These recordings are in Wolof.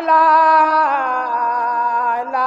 la la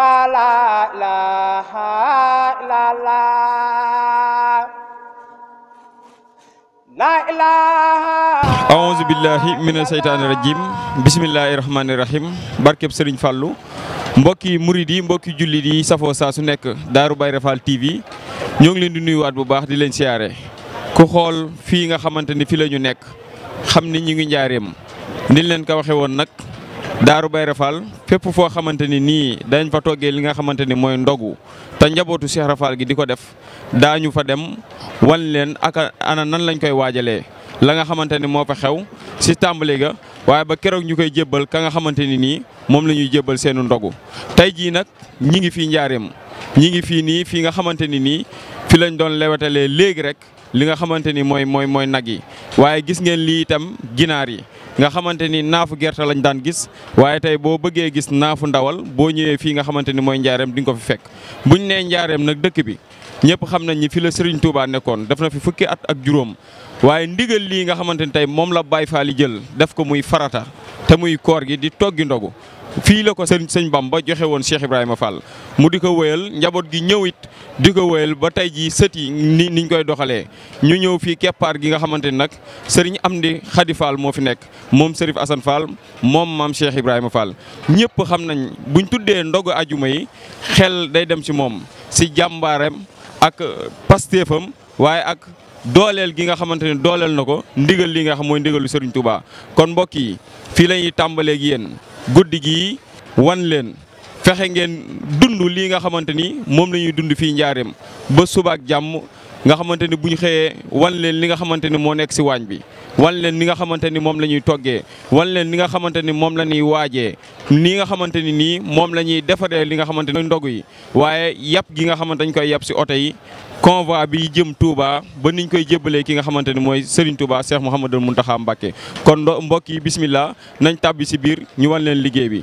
Fala la ha La ilaha A'udzu billahi minash shaitanir rajim Bismillahirrahmanirrahim rahmanir Serigne Fallou mbokki mouride yi mbokki jullit yi safoo saa su nek daru Bairé Fall TV ñong leen di nuyuwaat bu baax di leen siyaare ku xol fi nga xamanteni fi la nek xamni ñi ngi njaareem niñ leen ko waxe woon nag Daaru Bayra Fall fépp foo xamante ni nii dañ fa toggee li nga xamante ni mooy ndogu te njabootu Cheikh Rafal gi di ko def daañu fa dem wan leen ak ana nan lañ koy waajalee la nga xamante ni moo fa xew si tàmbali ga waaye ba keroog ñu koy jébbal ka nga xamante ni nii moom la ñuy jébbal seenu ndogu tey jii nag ñi ngi fii njaareem ñi ngi fii nii fii nga xamante ni nii fi lañ doon lewetalee léegi rek li nga xamante ni mooy mooy mooy nag yi waaye gis ngeen lii itam ginaar yi nga xamante ni naafu gerte lañ daan gis waaye tey boo bëggee gis naafu ndawal boo ñëwee fii nga xamante ni mooy njaareem di nga ko fi fekk buñ nee njaareem nag dëkk bi ñëpp xam nañ ñi fi la Serigne tuubaa nekkoon def na fi fukki at ak juróom waaye ndigal lii nga xamante ni tey moom la Baye faa li jël def ko muy farata te muy koor gi di toggi ndogu fii la ko sëñ sëñ Bamba joxe woon Cheikh Ibrahima Fall mu di ko wëyal njaboot gi ñëw it di ko wëyal ba tey jii sët yi ni niñ koy doxalee ñu ñëw fii keppaar gi nga xamante ni nag sëriñ di Khady Fall moo fi nekk moom Serif Assane Fall moom maam Cheikh Ibrahima Fall ñëpp xam nañ buñ tuddee ndogu ajuma yi xel day dem ci moom ci jàmbaareem ak pastéefam waaye ak dooleel gi nga xamante ne dooleel na ko ndigal li nga xam mooy ndigalu Serigne Touba kon mbokk yi fii la tàmbaleeg yéen guddi gii wan leen fexe ngeen dund lii nga xamante ni moom la ñuy dund fii njaareem ba suba ak jàmm nga xamante ni bu ñu xëyee wan leen li nga xamante ni moo nekk si waañ bi. wan leen ni nga xamante ni moom la ñuy toggee wan leen ni nga xamante ni moom la ñuy waajee nii nga xamante ni nii moom la ñuy defaree li nga xamante ni ndog yi waaye yàpp gi nga xamante dañ koy yàpp si oto yi convoi bi jëm Touba ba niñ koy jébbalee ki nga xamante ni mooy Serigne Touba Cheikh Mouhamadou Mountakha Mbacké kon mbokk yi bismillah nañ tàbbi si biir ñu wan leen liggéey bi.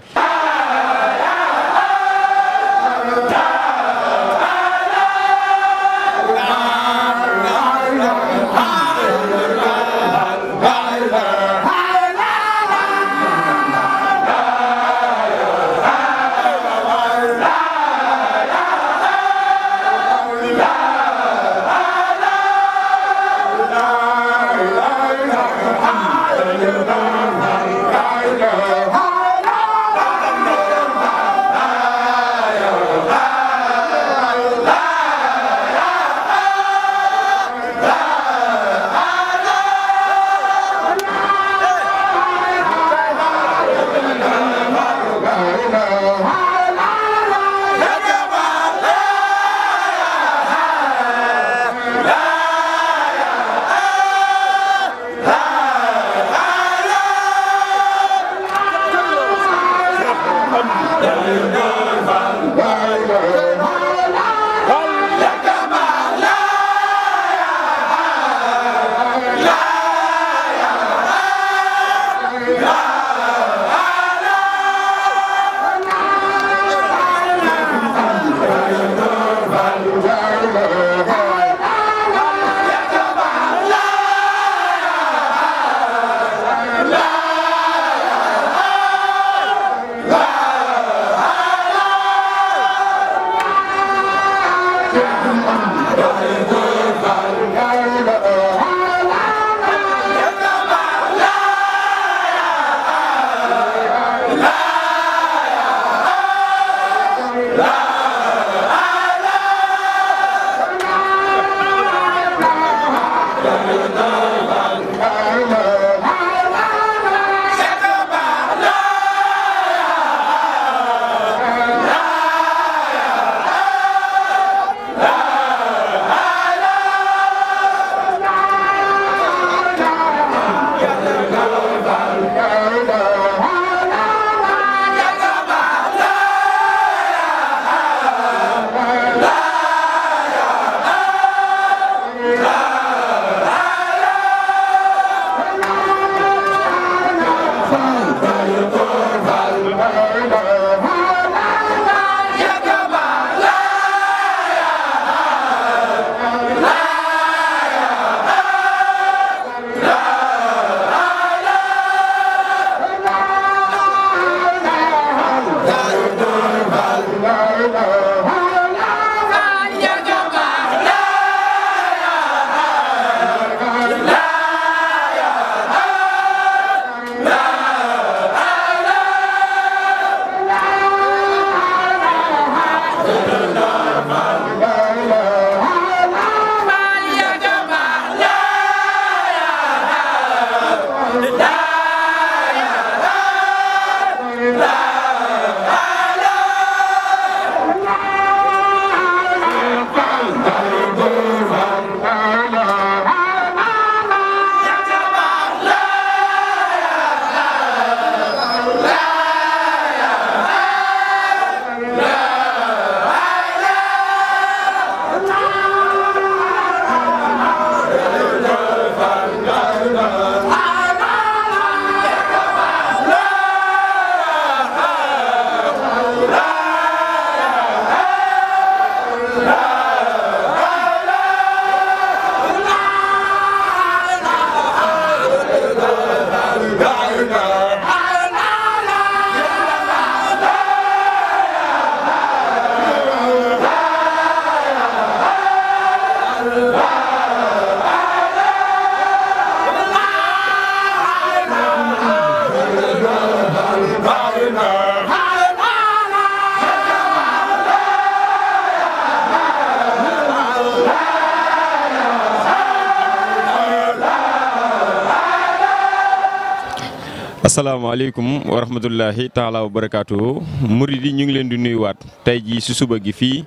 asalaamaaleykum wa rahmatullahi taala wa barakaatu murid yi ñu ngi leen di nuyuwaat tey jii si suba gi fii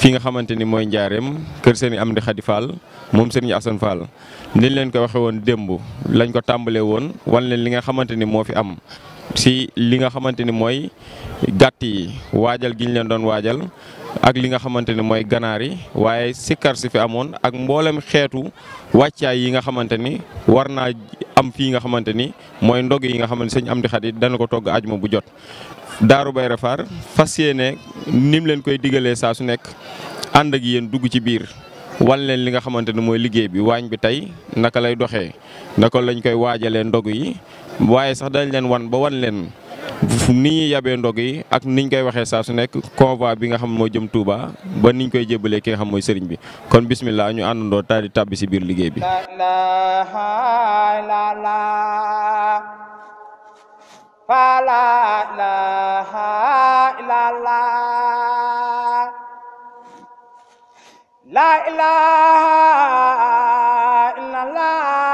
fi nga xamante ni mooy njaareem kër sëriñ Amdi Xadi Fall moom seen Assane Fall niñ leen ko waxee woon démb lañ ko tàmbalee woon wan leen li nga xamante ni moo fi am si li nga xamante ni mooy gàtt yi waajal gi ñu leen doon waajal ak li nga xamante ni mooy ganaar yi waaye sikar si fi amoon ak mboolem xeetu wàccaay yi nga xamante ni war naa am fii nga xamante ni mooy ndog yi nga xamante sëñ Amdi Xaadi dana ko togg ajuma bu jot daaru Bayra Faar fas yéene nim leen koy digalee saa su nekk ànd ak yéen dugg ci biir wan leen li nga xamante ni mooy liggéey bi waañ bi tey naka lay doxee naka lañ koy waajalee ndog yi waaye sax dañ leen wan ba wan leen ni ñuy yabee ndog yi ak niñ koy waxé sa su nek convoi bi nga xam mo jëm Touba ba niñ koy jébalé ki xam moy sëriñ bi kon bismillah ñu àndandoo tali di ci si biir liggéey bi. la ilaha illallah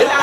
ila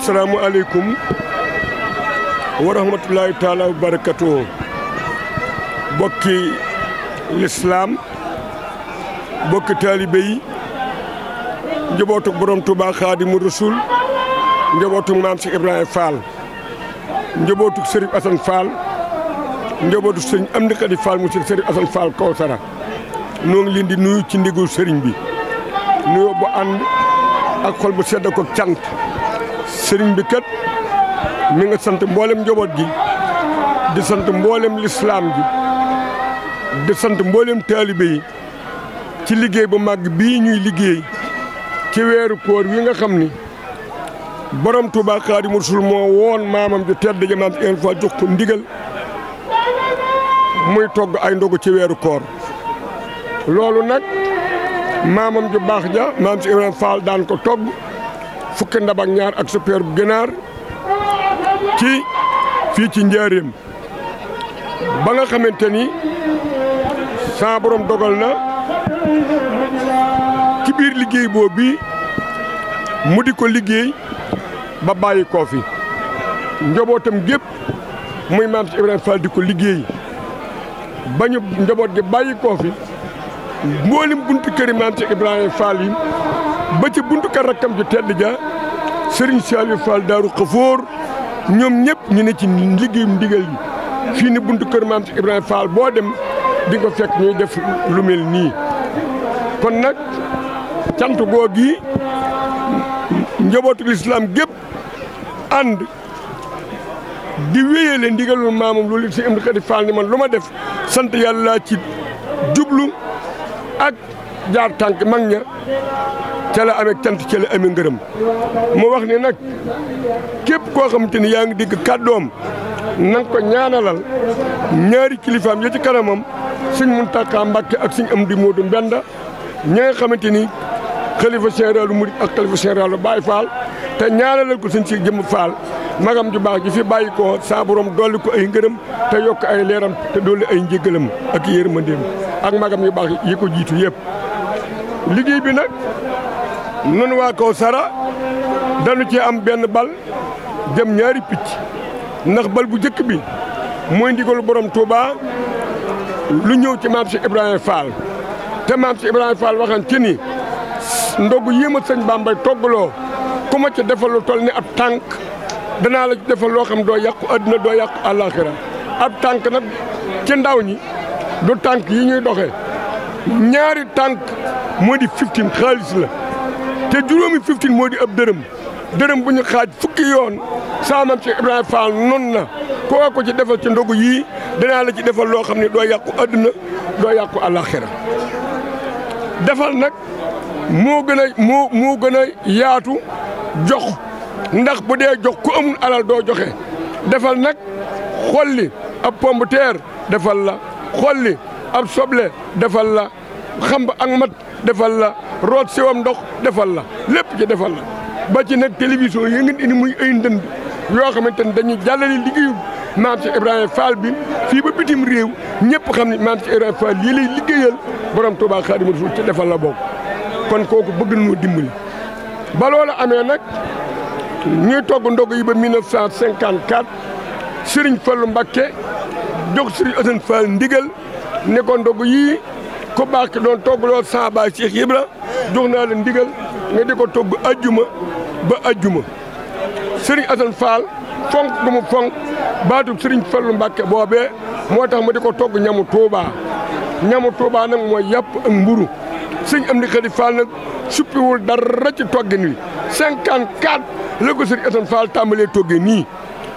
asalaamualeykum wa rahmatulahi taala wa barakatuhu bokki lislaam bokki taalibe yi njabootu borom Touba Xaadimu Rasul njabootu maam si Ibrahima Fall njabootu Serigne Assane Fall njabootu Serigne Amdi Khady Fall mu si Serigne Assane Fall Kawsara noo ngi di nuyu ci ndigul Serigne bi nuyoo bu ànd ak xol bu sedd ko cant sëriñ bi kat mi nga sant mboolem njaboot gi di sant mboolem lislaam gi di sant mboolem taalibe yi ci liggéey bu màgg bii ñuy liggéey ci weeru koor wi nga xam ni borom Tuubaa Xaadimu Rasuul moo woon maamam ju tedd ja maam une fois jox ndigal muy togg ay ndogu ci weeru koor loolu nag maamam ju baax ja maam si Ibrahima Fall daan ko togg fukki ndab ak ñaar ak suppeer bu ginaar ci fii ci njaareem ba nga xamante ni saa borom dogal na ci biir liggéey boobu bi mu di ko liggéey ba bàyyi koofi fi njobootam gépp muy maam si Ibrahima Fall di ko liggéey ba ñu njoboot gi bàyyi koo bunt mboolem këri maam si Ibrahima Fall yi ba ci buntu ja Serigne Saliou Fall Daaru Xafoor ñoom ñëpp ñu ne ci liggéeyum ndigal yi fii ni buntu kër maam si Ibrahima Fall boo dem di nga fekk ñuy def lu mel nii kon nag cant googi njabootu lislaam gépp ànd di wéyale ndigalul maamam loolu si am di Fall ni man lu ma def sant yàlla ci jublu ak jaar tank mag ña ca la amé tant ci la amé ngeureum mu wax ni nak kep ko xamanteni ni yaa ngi dégg nang ko ñaanalal ñaari kilifam ya ci karamam seigne muntaka mbacke ak seigne Amdi modou benda ñi nga xamanteni ni xalifa généralu murit ak xalifa généralu baye fall te ñaanalal ko seigne si jëm fall magam ju baax ji fi bayiko ko borom dolli ko ay ngeureum te yok ay leeram te dolli ay njëgalam ak yermandem ak magam yu baax yi ko jitu yep liggéey bi nag nun waa Kawsara dañu ci am benn bal jëm ñaari picc ndax bal bu njëkk bi mooy ndigalu borom Touba lu ñëw ci maam si Ibrahima Fall te maam si Ibrahima Fall waxan ci ni ndogu yéem a sëñ Bambay toggaloo ku ma ci defal lu ni ab tànk danaa la ci defal loo xam doo yàqu àddina doo yàqu àllaaxira ab tànk nag ci ndaw ñi du tànk yi ñuy doxee ñaari tànk moo di fiftin xaalis la te juróomi fiftin moo di ab dërëm dërëm bu ñu xaaj fukki yoon saamam ci Ibrahima Fall noonu na koo ko ci defal ci ndogu yii danaa la ci defal loo xam ne doo yàqu àdduna doo yàqu àllaaxira defal nag moo gën a moo moo gën a yaatu jox ndax bu dee jox ku amul alal doo joxe defal nag xolli ab pompe defal la xolli ab soble defal la xamb ak mat defal la root siwam ndox defal la lépp ci defal la ba ci nag télévision yi ngeen indi muy ay ndënd yoo xamante ne dañuy jàllale liggéeyu maam ci Ibrahima Fall bi fii ba bitim réew ñëpp xam ne maam ci Ibrahima Fall yi lay liggéeyal borom Touba Xaadimu Rasuul ci defal la bokk kon kooku bëgg nañoo dimbali. ba loolu amee nag ñuy togg ndog yi ba 1954 Serigne Fallou Mbakke jox Serigne Assane Fall ndigal. ne ko ndog yii ko baax ki doon toggaloo saaba Cheikh Ibra jox naa la ndigal nga di ko togg ajuma ba ajuma Serigne Assane Fall fonk gu mu fonk baatub Serigne Fallu Mbàkke boobee moo tax ma di ko togg ñamu Touba ñamu Touba nag mooy yàpp ak mburu Serigne Amdi Khady Fall nag suppiwul dara ci toggin wi 54 la ko Serigne Assane Fall tàmbalee toggee nii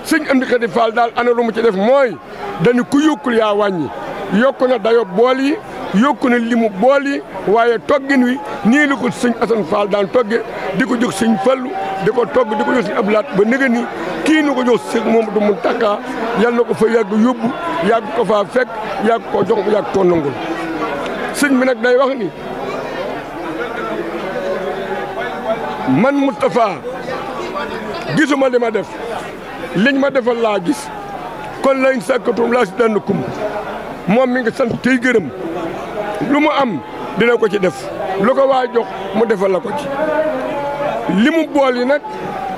Serigne Amdi Khady Fall daal ana lu mu ci def mooy dañu ku yokkul yaa wàññi yokku na dayo bool yi yokku na limu bool yi waaye toggin wi nii la ko sëñ Assane Fall daan togge di ko jox sëñ Fallu di ko togg di ko jox sëñ Ablaat ba nëgë ni kii nu ko jox sëñ Mamadou Mountakha yal na ko fa yàgg yóbbu yàgg ko faa fekk yàgg ko jox yàgg ko nangul sëñ bi nag day wax ni man Moustapha gisuma li ma def liñ ma defal laa gis kon lañ sàkkatum laa si dànn kum moom mi nga sant tey gërëm lu mu am dina ko ci def lu ko waa jox mu defal la ko ci li mu bool yi nag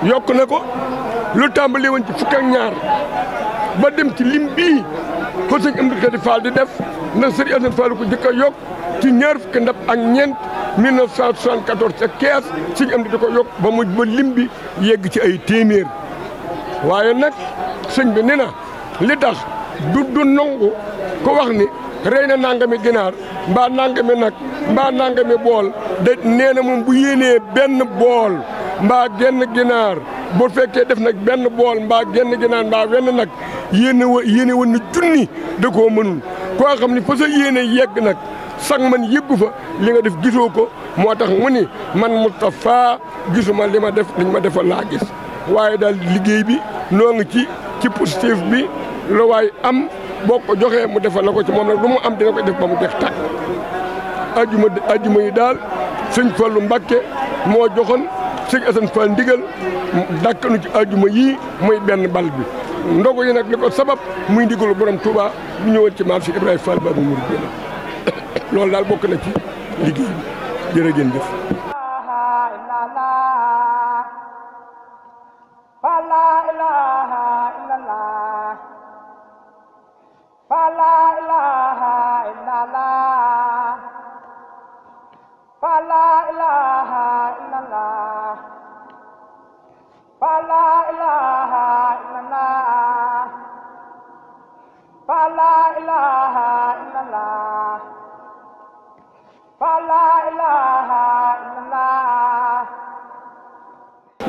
yokk na ko lu tàmbali woon ci fukk ñaar ba dem ci lim bii ko sëñ Amdi Khady Fall di def na sëriñ Assane Fall ko jëkk a yokk ci ñaar fukki ndab ak ñeent 1974 ca kees sëñ Amdi di ko yokk ba mu ba lim bi yegg ci ay téeméer waaye nag sëñ bi nee na li tax du du nangu ko wax ni rey na nangami ginaar mbaa nangami nag mbaa nangami bool da nee na moom bu yéenee benn bool mbaa genn ginaar bu fekkee def nag benn bool mbaa genn ginaar mbaa wenn nag yéene wa yéene woon na junni da koo mënul koo xam ni fa sa yéene yegg nag sax man yëggu fa li nga def gisoo ko moo tax mu ni man Moustapha gisuma li ma def liñ ma defal laa gis waaye daal liggéey bi noo ngi ci ci positif bi lu waay am boo ko joxee mu defal la ko ci moom nag lu mu am dina ko def ba mu jeex tàkk ajuma ajuma yi daal sëñ Fallu Mbàkke moo joxoon sëñ Asan Fall ndigal dàkkanu ci ajuma yii muy benn bal bi ndogo yi nag li ko sabab muy ndigalu borom Touba bu ñëwoon ci maam si Ibrahima Fall Babu Mourid loolu daal bokk na ci liggéey bi jërëjëf فلا إله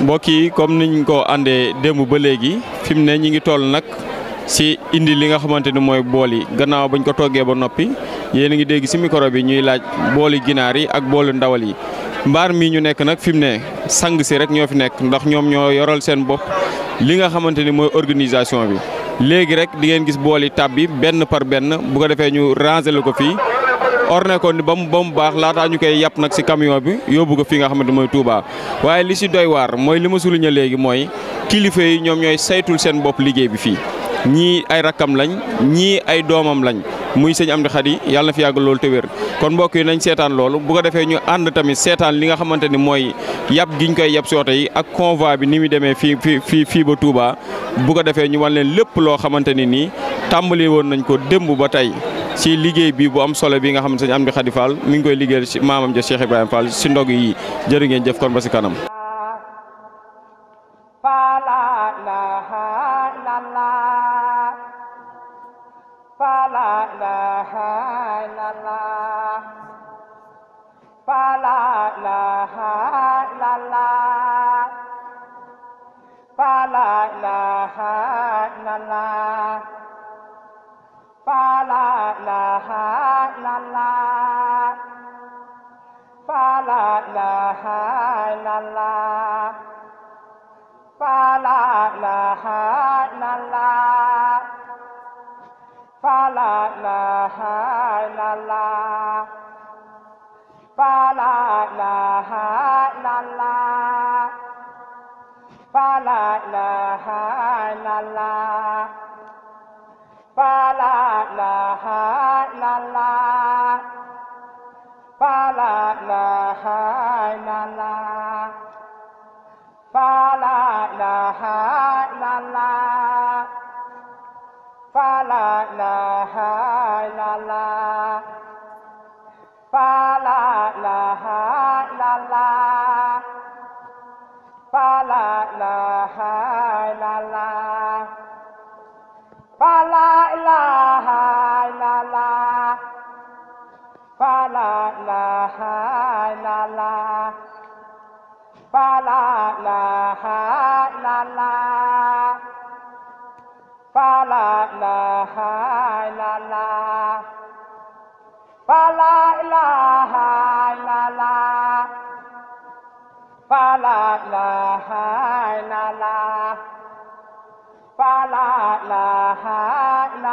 mbokk yi comme niñ ko àndee démb ba léegi fi mu ne ñi ngi toll nag si indi li nga xamante ni mooy bool yi gannaaw bañ ko toggee ba noppi yéen a ngi dégg si micro bi ñuy laaj booli ginaar yi ak boolu ndawal yi mbaar mi ñu nekk nag fi mu ne sang si rek ñoo fi nekk ndax ñoom ñoo yoral seen bopp li nga xamante ni mooy organisation bi. léegi rek di ngeen gis bool yi bi benn par benn bu ko defee ñu ranger ko fii orné ko ni ba mu ba baax laataa ñu koy yàpp nag si camion bi yóbbu ko fii nga xamante mooy Touba. waaye li si doy waar mooy li ma souligné léegi mooy kilifa yi ñoom ñooy saytul seen bopp liggéey bi fii ñii ay rakkam lañ ñii ay doomam lañ. muy sëñ Amdi Xadi yàlla na fi yàgg loolu te wér kon mbokk yi nañ seetaan loolu bu ko defee ñu ànd tamit seetaan li nga xamante ni mooy yàpp giñ koy yàpp si oto yi ak convoi bi ni muy demee fii fii fii ba Touba bu ko defee ñu wan leen lépp loo xamante ni nii tàmbali woon nañ ko démb ba tey si liggéey bi bu am solo bii nga xam ne am Amdi Xadi Fall mi ngi koy liggéeyal ci maamam ja Cheikh Ibrahima Fall ci ndog yi jërë ngeen jëf kon ba si kanam ฮาลาลาปาลา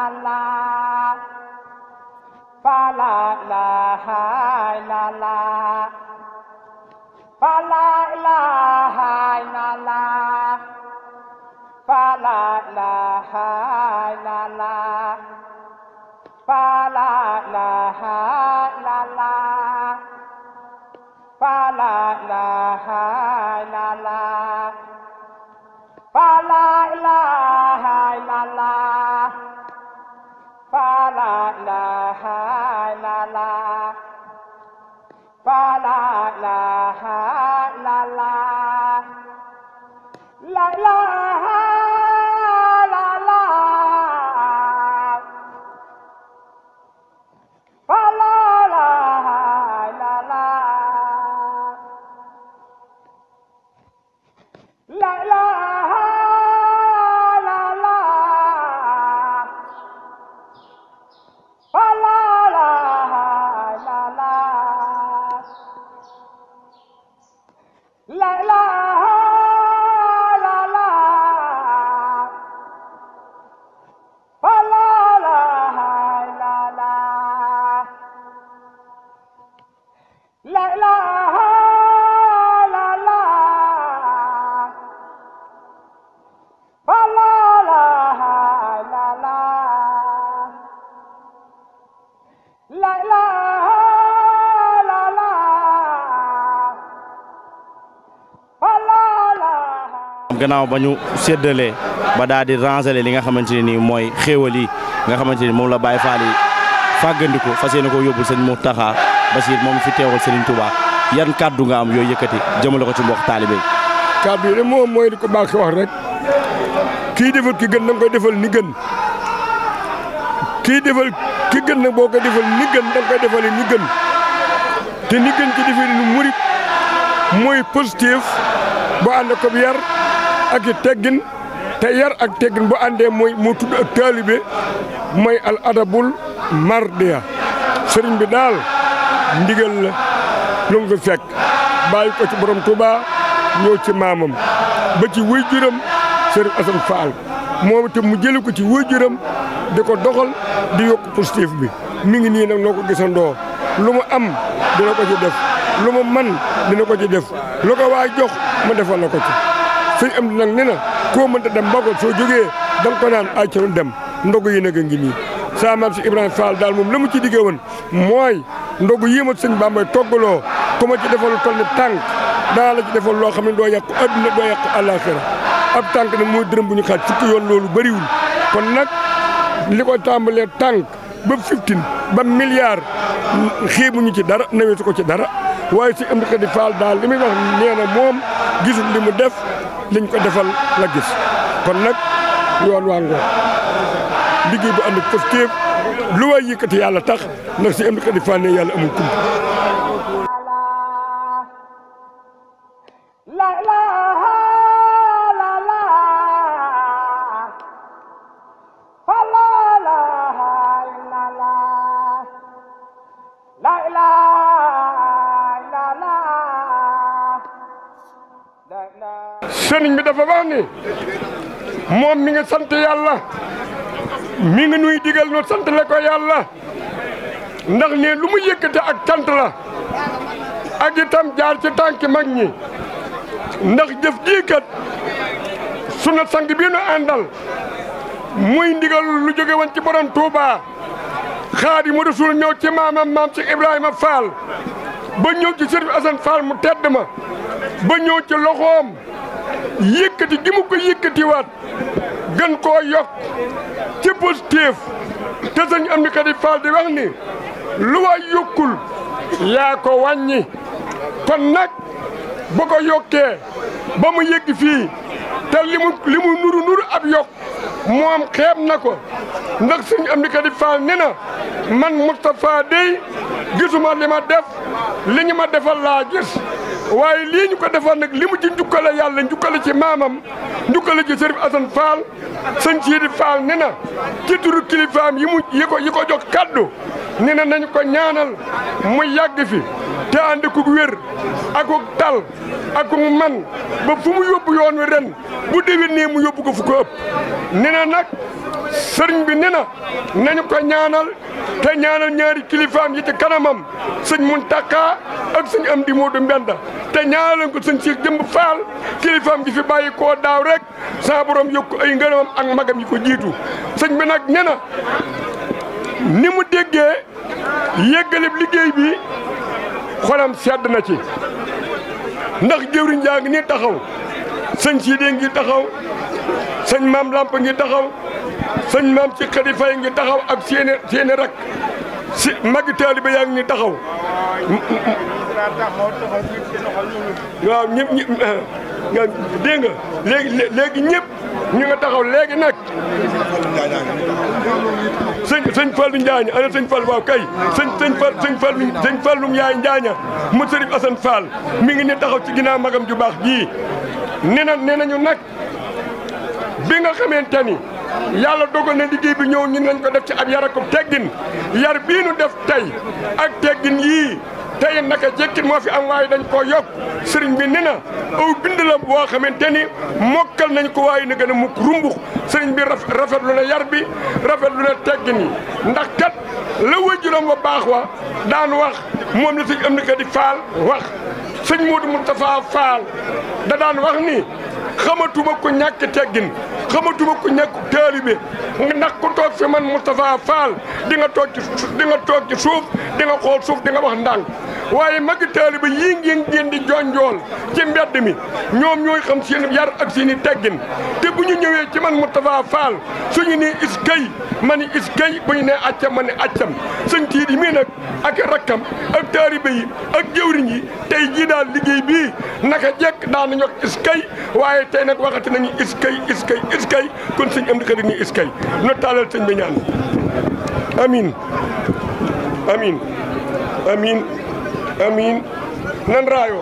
la fa la la hai la la gannaaw ba ñu séddalee ba daal di rangeler li nga xamante ne nii mooy xéewal yi nga xamante ni moom la Baye Fall yi fàggandiku fas yéene ko yóbbul sëñ Mountakha Bassir moom fi teewal Serigne Touba yan kàddu nga am yooyu yëkkati jëmale ko ci mbokk taalibe yi moom mooy di ko baax rek kii defal ki gën na koy defal ni gën kii defal ki gën boo ko defal ni gën da nga koy ni gën te ni gën ci defee ni murit mooy positif bu ànd ko yar ak i teggin te yar ak teggin bu àndee mooy moo tudd ak taalibe mooy al adabul mardiya sëriñ bi daal ndigal la lu nga fekk bàyyi ko ci borom Touba ñëw ci maamam ba ci wëy juram sëriñ Assane Fall moom itam mu jëli ko ci wëy juram di ko doxal di yokk positif bi mi ngi nii nag noo ko gisandoo lu mu am dina ko ci def lu mu man dina ko ci def loo ko waay jox mu defal la ko ci suñ am di nag ne na koo mënta dem mbagool soo jógee da ko naan ay ci dem ndogu yi nag a ngi nii saa maam si Ibrahima daal moom la mu ci diggee woon mooy ndogu yii ma sëñ Bàmbay toggaloo ku ma ci defal lu tànk daa la ci defal loo xam ne doo yàqu adduna doo yàqu àllaaxira ab tànk nag mooy dërëm bu ñu xaaj fukki yoon loolu bëriwul li ko tàmbalee tànk ba fiftin ba milliard xiibuñu ci dara nawetu ko ci dara waaye si Amdy Khady Fall daal li muy wax nee na moom gisul li mu def liñ ko defal la gis kon nag yoon waa ngoon liggéey bu ànd ak positif lu way yëkkati yàlla tax ndax si Amdy Khady Fall ne yàlla amul kumpa dafa wax ni moom mi ngi sant yàlla mi ngi nuy digal nu sant le yàlla ndax ne lu mu yëkkate ak cant la ak itam jaar ci tànki mag ñi ndax jëf jii kat sunu sang bii nu àndal muy ndigal lu jóge woon ci borom Touba Xaadimu Rasuul ñëw ci maamam maam ci Ibrahima Fall ba ñëw ci Sëriñ Asan Fall mu tedd ma ba ñëw ci loxoom. yékkati gi mu ko yëkkatiwaat gën koo yokk ci positif te sëñ Amdy Khady Fall di wax ni lu wa yokkul yaa ko wàññi kon nag ba ko yokkee ba mu yékk fii te li mu li mu nuru nuru ab yokk moom xeeb na ko ndax sëñ Amdy Khady Fall ne na man Moustapha dey gisuma li ma def li ñu ma defal laa gis waaye lii ko defoon limu ci njukkale yàlla njukkale ci maamam njukkale ci Serigne Assane Fall sëñ Sidi Fall ne ci turu kilifaam yi mu yi ko yi ko jox kaddu ne na nañu ko ñaanal mu yàgg fi te ànd ku wér ak ku tal ak ku man ba fu mu yóbbu yoon wi ren bu déwénee mu yóbbu ko fu ko ëpp nee na sëriñ bi nee na nañu ko ñaanal te ñaanal ñaari kilifaam yi ci kanamam sëñ Muntaxa ak sëñ Amdi Moodu Mbenda te ñaanal ko sëñ Cheikh Jëmb Faal kilifaam gi fi bàyyi koo daaw rek sa borom yokk ay ngërëmam ak magam yi ko jiitu sëñ bi nag nee ni mu déggee yëggaleb liggéey bi xolam sedd na ci ndax jëwriñ jaa ni taxaw señ ci de ngi taxaw señ mam Lamp ngi taxaw señ mam ci khalifa ngi taxaw ak seen seen rak si magi taalibe yaa ngi ñu taxaw. waaw ñëpp ñëpp eh, nga dégg léegi léegi ñëpp ñu nga taxaw léegi nag. sëñ sëñ Fallou Njaañ ana sëñ Fallou waaw kay sëñ sëñ Fall sëñ Fallou sëñ Fallou Ndiaye Njaaña mu sëriñ Assane Fall mi ngi ne taxaw ci ginnaaw magam ju baax jii nee na nee nañu nag. bi nga xamante ni yàlla dogal na liggéey bi ñëw ñun lañ ko def ci ab yara ak teggin yar bii nu def tey ak teggin yii tey naka jekkit moo fi am waaye dañ koo yokk sëriñ bi ne na aw bind la boo xamante ni mokkal nañ ko waaye na gën a mukk rumbux sëriñ bi lu na yar bi rafetlu na teggin yi ndax kat la wajuram wa baax wa daan wax moom la sëñ am na di faal wax sëñ Moodu Moustapha Faal da daan wax ni xamatuma ko ñàkk teggin xamatuma ko ñàkk taalibe ndax ku toog fi man Moustapha Fall di nga toog ci di nga toog suuf di nga xool suuf di nga wax ndànk waaye magi taaliba yii ngeen génn di jonjool ci mbedd mi ñoom ñooy xam seen yar ak seen teggin te bu ñu ñëwee ci man Moustapha Fall suñu ne is gay ma ni is bu ñu nee accam ma ni accam sëñ tiit yi mii ak rakkam ak taaliba yi ak jëwriñ yi tey jii daal liggéey bii naka jekk daan nañu wax waaye tey nag waxati nañu is gay is gay kon suñ am di xarit ni is gay no taalal sëñ bi ñaan amin amin amin amin nan rayo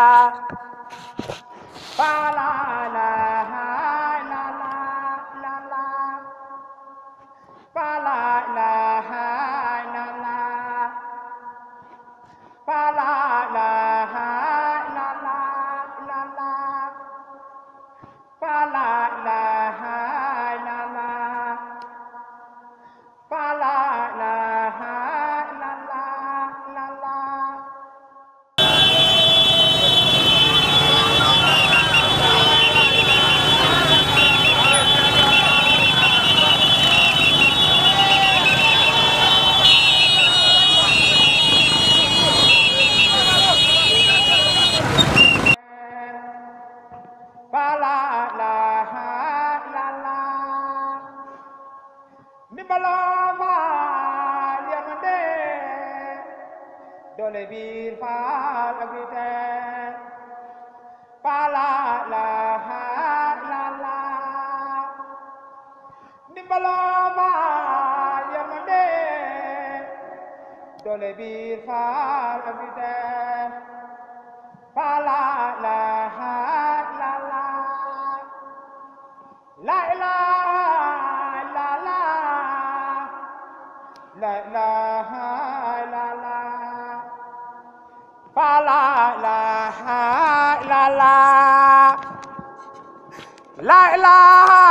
Sole bir far abide Fala ilaha illallah La ilaha illallah La ilaha illallah Fala ilaha illallah La ilaha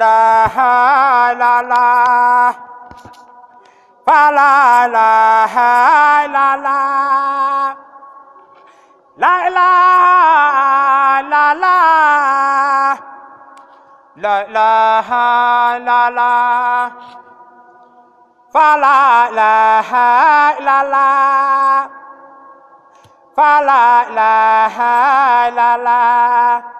la la la fa la la la la la la la la la la la la fa la la la la fa la la la la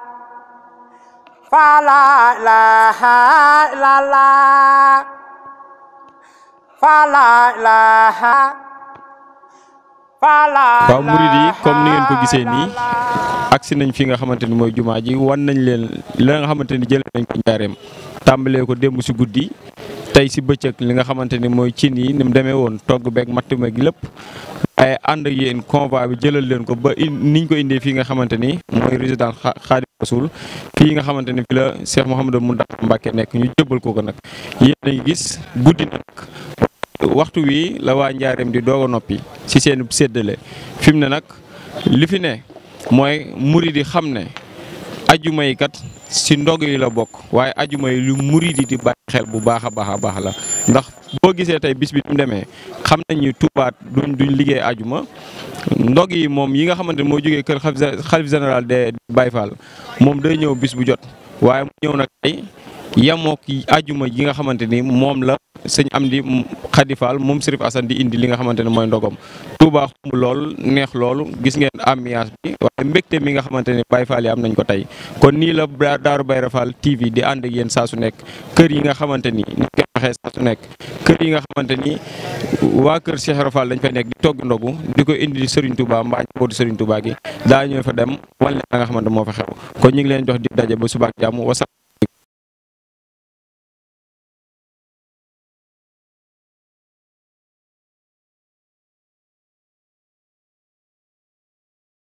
fa la ilaha illallah comme ni ngeen ko gisee nii agsi nañ fi nga xamante ni mooy jumaa ji wan nañ leen la nga xamante ni jëlee nañ ko njaareem tàmbalee ko démb si guddi tey si bëccëg li nga xamante ni mooy cin yi ni mu demee woon togg beek matt meeg lépp ànd ak yéen convoi bi jëlal leen ko ba niñ ko indee fii nga xamante ni mooy résident Xaadim Rasuul fii nga xamante ni fi la Cheikh Mouhamadou Mountakha Mbacké nekk ñu jëbbal ko ko nag yéen a gis guddi nag waxtu wi la waa njaareem di doog a noppi ci seen séddale fi mu ne nag li fi ne mooy murid di xam ne ajuma yi kat si ndog yi la bokk waaye ajuma yi lu murid yi di bàyyi xel bu baax a baax a baax la ndax boo gisee tey bis bi mu demee xam nañ ni Touba duñ duñ liggéey ajuma ndog yi moom yi nga xamante ne moo jógee kër xalif général de Baye Fall moom day ñëw bis bu jot waaye mu ñëw nag tey yamook aljuma yi nga xamanteni mom la sëñ Amdi khadifal mom serif asandi Assane di indi li nga xamanteni moy mooy ndogom Touba xum lool neex loolu gis ngeen ambiance bi wa mbekté mi nga xamanteni Baye Fall yi am nañ ko tay kon ni la daru baye rafal TV di ande ak yeen sa su nek keur yi nga xamanteni ni ni ko su nek keur yi nga xamanteni wa keur Cheikh Rafal dañ fa nek di togg ndogu di indi Serigne Touba ko di Serigne Touba gi da ñëw fa dem wal nga xamanteni mo fa xew kon ñi ngi leen jox di bu suba jamu wa sallam